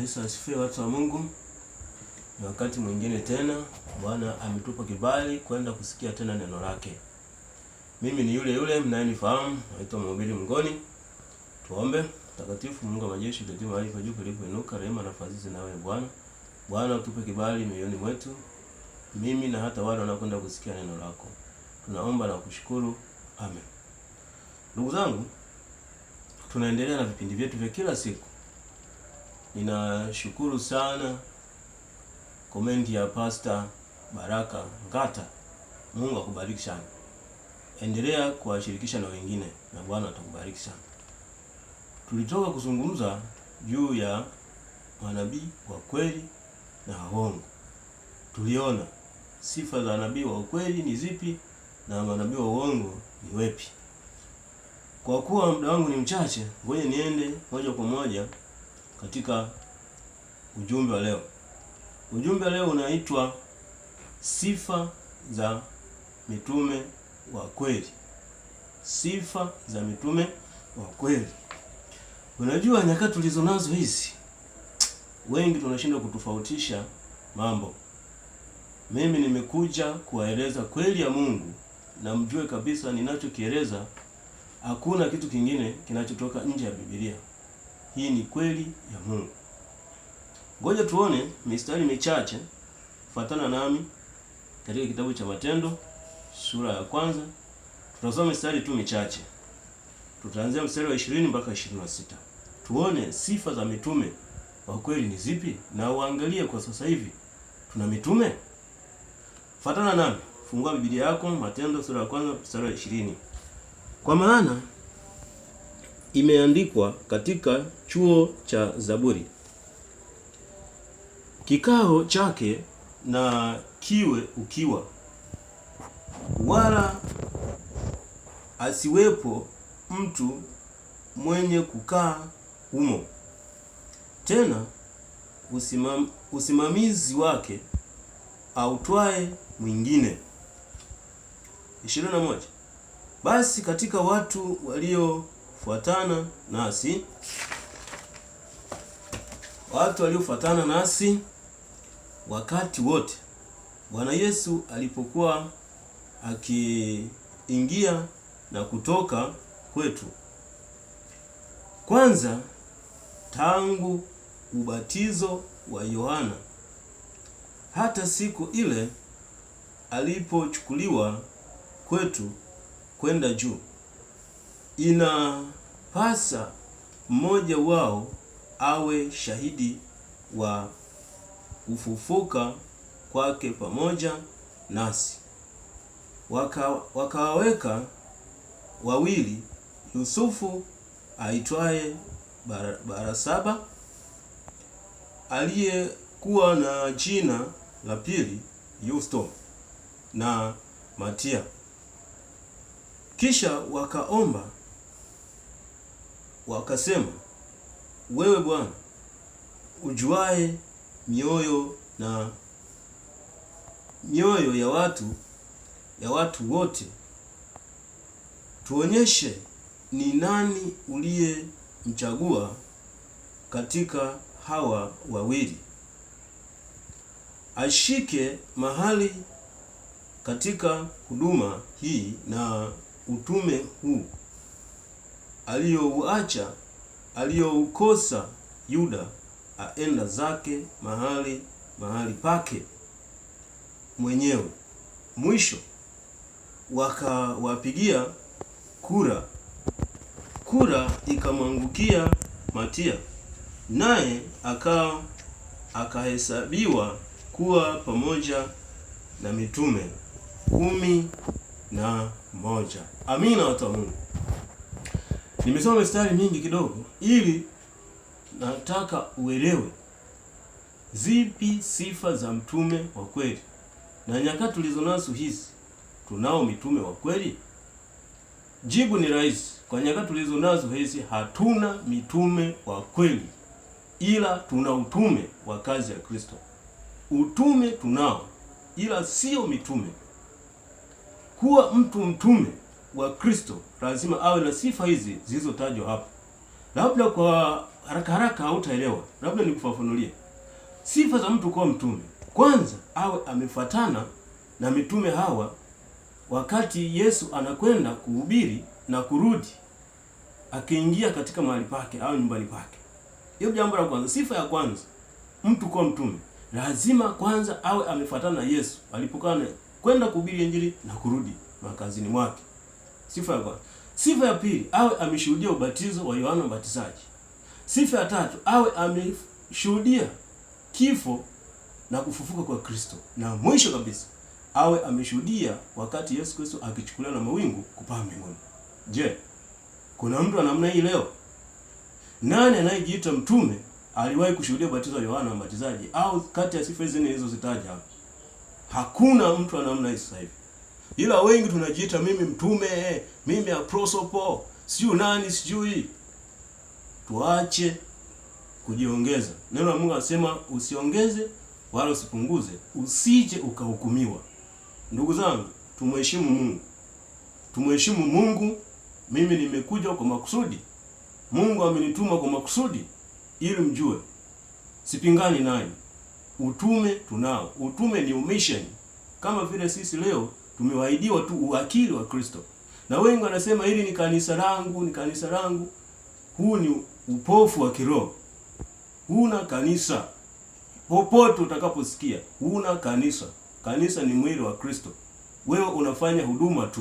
Yesu asifiwe, watu wa Mungu. Ni wakati mwingine tena, Bwana ametupa kibali kwenda kusikia tena neno lake. Mimi ni yule yule mnayenifahamu, naitwa Mhubiri Mngoni. Tuombe. Mtakatifu Mungu wa majeshi, utetea mahali pa juu inuka rehema na fadhili zinawe Bwana. Bwana utupe kibali mioyoni mwetu, mimi na hata wale wanaokwenda kusikia neno lako. Tunaomba na kushukuru, amen. Ndugu zangu, tunaendelea na vipindi vyetu vya kila siku Ninashukuru sana komenti ya Pasta Baraka Ngata. Mungu akubariki sana, endelea kuwashirikisha na wengine, na Bwana atakubariki sana. Tulitoka kuzungumza juu ya manabii wa kweli na waongo. Tuliona sifa za nabii wa ukweli ni zipi na manabii wa uongo ni wepi. Kwa kuwa muda wangu ni mchache, ngoja niende moja kwa moja katika ujumbe wa leo. Ujumbe wa leo unaitwa sifa za mitume wa kweli. Sifa za mitume wa kweli. Unajua, nyakati tulizo nazo hizi, wengi tunashindwa kutofautisha mambo. Mimi nimekuja kuwaeleza kweli ya Mungu na mjue kabisa ninachokieleza hakuna kitu kingine kinachotoka nje ya Biblia. Hii ni kweli ya Mungu. Ngoja tuone mistari michache, fuatana nami katika kitabu cha Matendo sura ya kwanza. Tutasoma mistari tu michache, tutaanzia mstari wa 20 mpaka 26. Tuone sifa za mitume wa kweli ni zipi, na uangalie kwa sasa hivi tuna mitume. Fuatana nami, fungua Biblia yako Matendo sura ya kwanza mstari wa 20. Kwa maana imeandikwa katika chuo cha Zaburi. Kikao chake na kiwe ukiwa, wala asiwepo mtu mwenye kukaa humo. Tena usimam, usimamizi wake autwae mwingine. 21 Basi katika watu walio waliofuatana nasi watu waliofuatana nasi wakati wote Bwana Yesu alipokuwa akiingia na kutoka kwetu. Kwanza, tangu ubatizo wa Yohana hata siku ile alipochukuliwa kwetu kwenda juu inapasa mmoja wao awe shahidi wa kufufuka kwake pamoja nasi. Wakawaweka waka wawili, Yusufu aitwaye Barasaba aliyekuwa na jina la pili Yusto na Matia. Kisha wakaomba wakasema, wewe Bwana ujuae mioyo na mioyo ya watu ya watu wote, tuonyeshe ni nani uliyemchagua katika hawa wawili ashike mahali katika huduma hii na utume huu aliyouacha aliyoukosa Yuda aenda zake mahali mahali pake mwenyewe. Mwisho wakawapigia kura, kura ikamwangukia Matia, naye akawa akahesabiwa kuwa pamoja na mitume kumi na moja. Amina, watu wa Mungu. Nimesoma mistari mingi kidogo, ili nataka uelewe zipi sifa za mtume wa kweli, na nyakati tulizonazo hizi tunao mitume wa kweli? Jibu ni rahisi, kwa nyakati tulizonazo hizi hatuna mitume wa kweli, ila tuna utume wa kazi ya Kristo. Utume tunao, ila sio mitume. Kuwa mtu mtume wa Kristo lazima awe na sifa hizi zilizotajwa hapo. Labda kwa haraka haraka hautaelewa, labda nikufafanulie sifa za mtu kuwa mtume. Kwanza awe amefuatana na mitume hawa wakati Yesu anakwenda kuhubiri na kurudi, akiingia katika mahali pake au nyumbani pake. Hiyo jambo la kwanza, sifa ya kwanza mtu kuwa mtume lazima kwanza awe amefuatana na Yesu alipokana kwenda kuhubiri injili na kurudi makazini mwake. Sifa ya kwanza. Sifa ya pili, awe ameshuhudia ubatizo wa Yohana Mbatizaji. Sifa ya tatu, awe ameshuhudia kifo na kufufuka kwa Kristo, na mwisho kabisa awe ameshuhudia wakati Yesu Kristo akichukuliwa na mawingu kupaa mbinguni. Je, kuna mtu anamna hii leo? Nani anayejiita mtume aliwahi kushuhudia ubatizo wa Yohana Mbatizaji au kati ya sifa hizi nilizozitaja? Hakuna mtu anamna hii sasa hivi ila wengi tunajiita mimi mtume, mimi aprosopo, sijui nani, sijui. Tuache kujiongeza. Neno la Mungu anasema usiongeze wala usipunguze, usije ukahukumiwa. Ndugu zangu, tumheshimu Mungu, tumheshimu Mungu. Mimi nimekuja kwa makusudi, Mungu amenituma kwa makusudi ili mjue, sipingani naye. Utume tunao, utume ni umisheni, Kama vile sisi leo tumewaidiwa tu uwakili wa Kristo, na wengi wanasema hili ni kanisa langu, ni kanisa langu. Huu ni upofu wa kiroho. Huna kanisa popote utakaposikia, huna kanisa. Kanisa ni mwili wa Kristo, wewe unafanya huduma tu.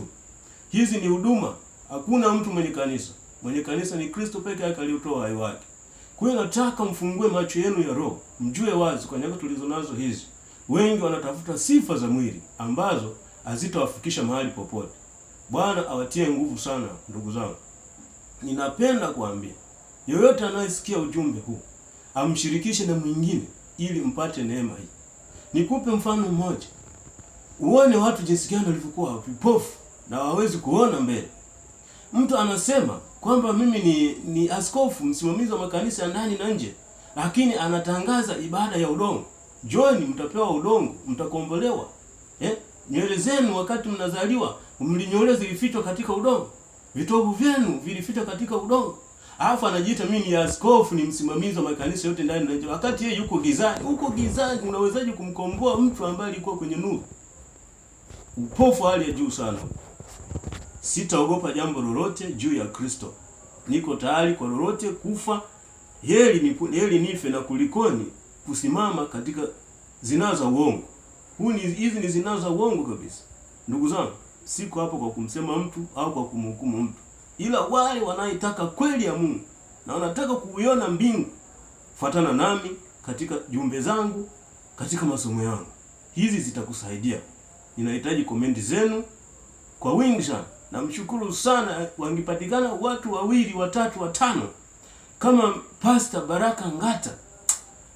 Hizi ni huduma, hakuna mtu mwenye kanisa. Mwenye kanisa ni Kristo peke yake aliyotoa uhai wake. Kwa hiyo nataka mfungue macho yenu ya roho, mjue wazi kwa nyakati tulizo nazo hizi, wengi wanatafuta sifa za mwili ambazo hazitawafikisha mahali popote. Bwana awatie nguvu sana ndugu zangu. Ninapenda kuambia yoyote anayesikia ujumbe huu amshirikishe na mwingine ili mpate neema hii. Nikupe mfano mmoja, uone watu jinsi gani walivyokuwa vipofu na hawawezi kuona mbele. Mtu anasema kwamba mimi ni, ni askofu msimamizi wa makanisa ya ndani na nje, lakini anatangaza ibada ya udongo. Njoni mtapewa udongo, mtakombolewa eh? nywele zenu wakati mnazaliwa mlinywele zilifichwa katika udongo, vitovu vyenu vilifichwa katika udongo, alafu anajiita mimi ni askofu, ni msimamizi wa makanisa yote ndani na nje, wakati yeye yuko gizani. Huko gizani unawezaje kumkomboa mtu ambaye alikuwa kwenye nuru? Upofu hali ya juu sana. Sitaogopa jambo lolote juu ya Kristo, niko tayari kwa lolote, kufa ni heli nife na kulikoni kusimama katika zinaza uongo. Hizi ni zinaa za uongo kabisa. Ndugu zangu, siko hapo kwa kumsema mtu au kwa kumhukumu mtu, ila wale wanaitaka kweli ya Mungu na wanataka kuiona mbingu, fuatana nami katika jumbe zangu, katika masomo yangu, hizi zitakusaidia. Ninahitaji komenti zenu kwa wingi sana. Namshukuru sana, wangipatikana watu wawili watatu watano kama Pastor Baraka Ngata,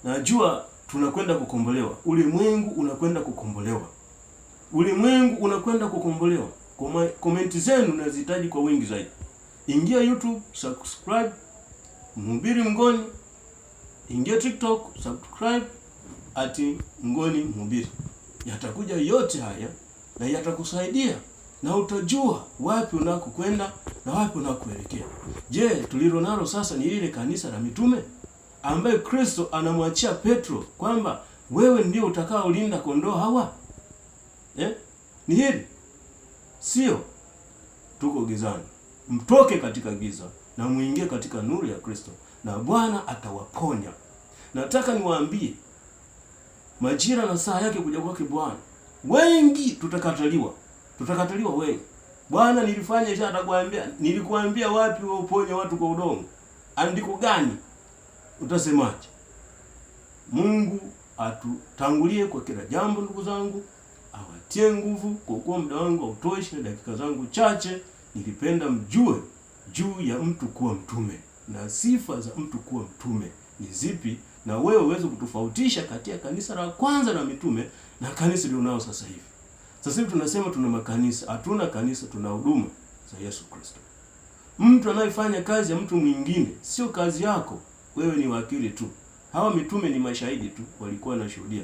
najua tunakwenda kukombolewa, ulimwengu unakwenda kukombolewa, ulimwengu unakwenda kukombolewa. komenti zenu nazihitaji kwa wingi zaidi. Ingia YouTube, subscribe Mhubiri Mngoni, ingia TikTok, subscribe ati Mngoni Mhubiri. Yatakuja yote haya na yatakusaidia na utajua wapi unakokwenda na wapi unakoelekea. Je, tulilonalo sasa ni lile kanisa la mitume? ambaye Kristo anamwachia Petro kwamba wewe ndio linda kondoo hawa eh? Ni hili sio, tuko gizani, mtoke katika giza na muingie katika nuru ya Kristo na Bwana atawaponya. Nataka niwaambie majira na saa yake kuja kwake Bwana, wengi tutakataliwa, tutakataliwa wengi. Bwana nilifanya isha, atakwambia nilikuambia wapi wa uponye watu kwa udongo, andiko gani? utasemaje? Mungu atutangulie kwa kila jambo, ndugu zangu, awatie nguvu. Kwa kuwa muda wangu hautoshi na dakika zangu chache, nilipenda mjue juu ya mtu kuwa mtume na sifa za mtu kuwa mtume ni zipi, na wewe uweze kutofautisha kati ya kanisa la kwanza la mitume na kanisa lilionao sasa hivi. Sasa hivi tunasema tuna makanisa, hatuna kanisa, tuna huduma za Yesu Kristo. Mtu anayefanya kazi ya mtu mwingine sio kazi yako wewe ni wakili tu. Hawa mitume ni mashahidi tu, walikuwa wanashuhudia.